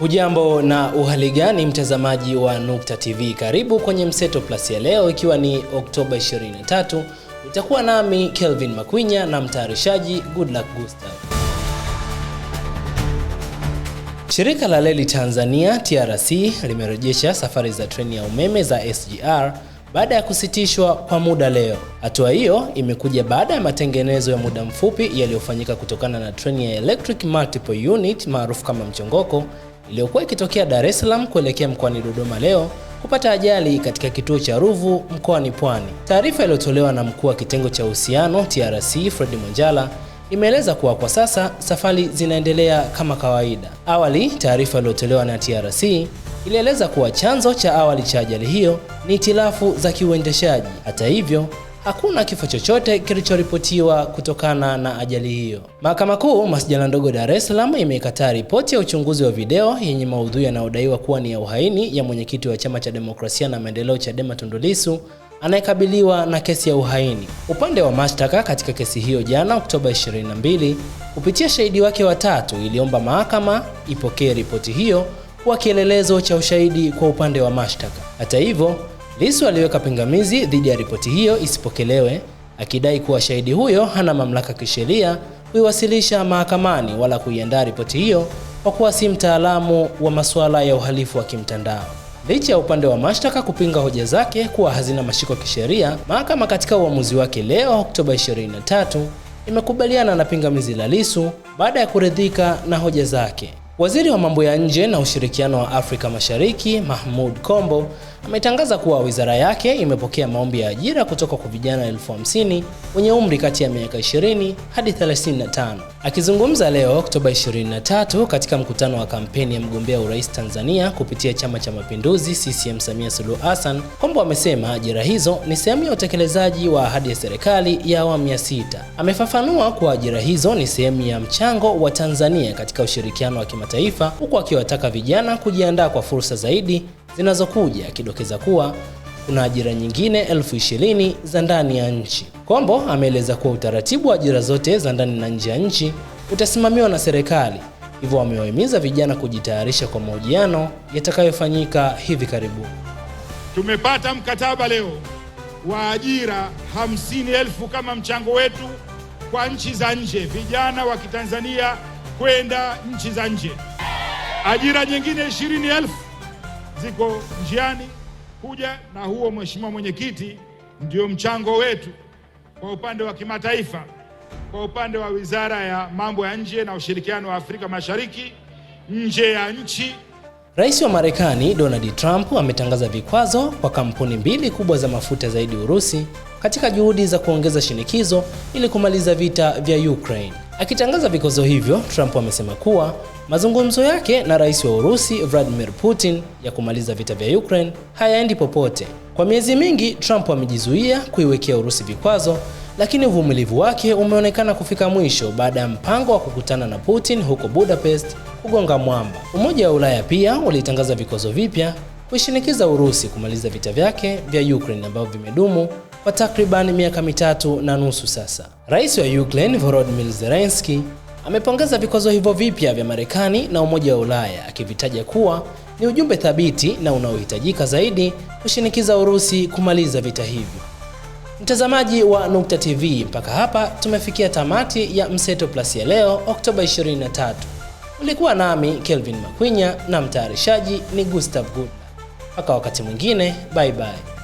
Hujambo na uhali gani, mtazamaji wa Nukta TV, karibu kwenye Mseto Plus ya leo, ikiwa ni Oktoba 23. Itakuwa nami Kelvin Makwinya na mtayarishaji Goodluck Gustav. Shirika la Reli Tanzania TRC limerejesha safari za treni ya umeme za SGR baada ya kusitishwa kwa muda leo. Hatua hiyo imekuja baada ya matengenezo ya muda mfupi yaliyofanyika kutokana na treni ya Electric Multiple Unit maarufu kama mchongoko iliyokuwa ikitokea Dar es Salaam kuelekea mkoani Dodoma leo kupata ajali katika kituo cha Ruvu mkoani Pwani. Taarifa iliyotolewa na mkuu wa kitengo cha uhusiano TRC Fred Mwanjala imeeleza kuwa kwa sasa safari zinaendelea kama kawaida. Awali, taarifa iliyotolewa na TRC ilieleza kuwa chanzo cha awali cha ajali hiyo ni hitilafu za kiuendeshaji. Hata hivyo hakuna kifo chochote kilichoripotiwa kutokana na ajali hiyo. Mahakama Kuu Masjala Ndogo Dar es Salaam imeikataa ripoti ya uchunguzi wa video yenye maudhui yanayodaiwa kuwa ni ya uhaini ya mwenyekiti wa Chama cha Demokrasia na Maendeleo Chadema Tundu Lissu anayekabiliwa na kesi ya uhaini. Upande wa mashtaka katika kesi hiyo jana Oktoba 22 kupitia shahidi wake watatu iliomba mahakama ipokee ripoti hiyo kuwa kielelezo cha ushahidi kwa upande wa mashtaka. Hata hivyo Lissu aliweka pingamizi dhidi ya ripoti hiyo isipokelewe, akidai kuwa shahidi huyo hana mamlaka kisheria kuiwasilisha mahakamani wala kuiandaa ripoti hiyo kwa kuwa si mtaalamu wa masuala ya uhalifu wa kimtandao. Licha ya upande wa mashtaka kupinga hoja zake kuwa hazina mashiko kisheria, mahakama katika uamuzi wake leo Oktoba 23 imekubaliana na pingamizi la Lissu baada ya kuridhika na hoja zake. Waziri wa mambo ya nje na ushirikiano wa Afrika Mashariki, Mahmoud Kombo, ametangaza kuwa wizara yake imepokea maombi ya ajira kutoka kwa vijana elfu hamsini wenye umri kati ya miaka 20 hadi 35. Akizungumza leo Oktoba 23 katika mkutano wa kampeni ya mgombea urais Tanzania kupitia Chama cha Mapinduzi CCM Samia Suluhu Hassan, Kombo amesema ajira hizo ni sehemu ya utekelezaji wa ahadi ya serikali ya awamu ya sita. Amefafanua kuwa ajira hizo ni sehemu ya mchango wa Tanzania katika ushirikiano wa kimataifa, huku akiwataka vijana kujiandaa kwa fursa zaidi zinazokuja, akidokeza kuwa kuna ajira nyingine elfu ishirini za ndani ya nchi. Kombo ameeleza kuwa utaratibu wa ajira zote za ndani na nje ya nchi utasimamiwa na serikali, hivyo wamewahimiza vijana kujitayarisha kwa mahojiano yatakayofanyika hivi karibuni. Tumepata mkataba leo wa ajira hamsini elfu kama mchango wetu kwa nchi za nje, vijana wa Kitanzania kwenda nchi za nje. Ajira nyingine ishirini elfu ziko njiani kuja na huo, Mheshimiwa Mwenyekiti, ndio mchango wetu kwa upande wa kimataifa, kwa upande wa Wizara ya Mambo ya Nje na Ushirikiano wa Afrika Mashariki nje ya nchi. Rais wa Marekani Donald Trump ametangaza vikwazo kwa kampuni mbili kubwa za mafuta zaidi Urusi katika juhudi za kuongeza shinikizo ili kumaliza vita vya Ukraine. Akitangaza vikwazo hivyo, Trump amesema kuwa Mazungumzo yake na rais wa Urusi Vladimir Putin ya kumaliza vita vya Ukraine hayaendi popote. Kwa miezi mingi Trump amejizuia kuiwekea Urusi vikwazo, lakini uvumilivu wake umeonekana kufika mwisho baada ya mpango wa kukutana na Putin huko Budapest kugonga mwamba. Umoja wa Ulaya pia ulitangaza vikwazo vipya kuishinikiza Urusi kumaliza vita vyake vya Ukraine ambavyo vimedumu kwa takriban miaka mitatu na nusu sasa. Rais wa Ukraine Volodymyr Zelensky Amepongeza vikwazo hivyo vipya vya Marekani na Umoja wa Ulaya akivitaja kuwa ni ujumbe thabiti na unaohitajika zaidi kushinikiza Urusi kumaliza vita hivyo. Mtazamaji wa Nukta TV, mpaka hapa tumefikia tamati ya Mseto Plus ya leo Oktoba 23. Ulikuwa nami Kelvin Makwinya na mtayarishaji ni Gustav Good. Mpaka wakati mwingine, bye bye.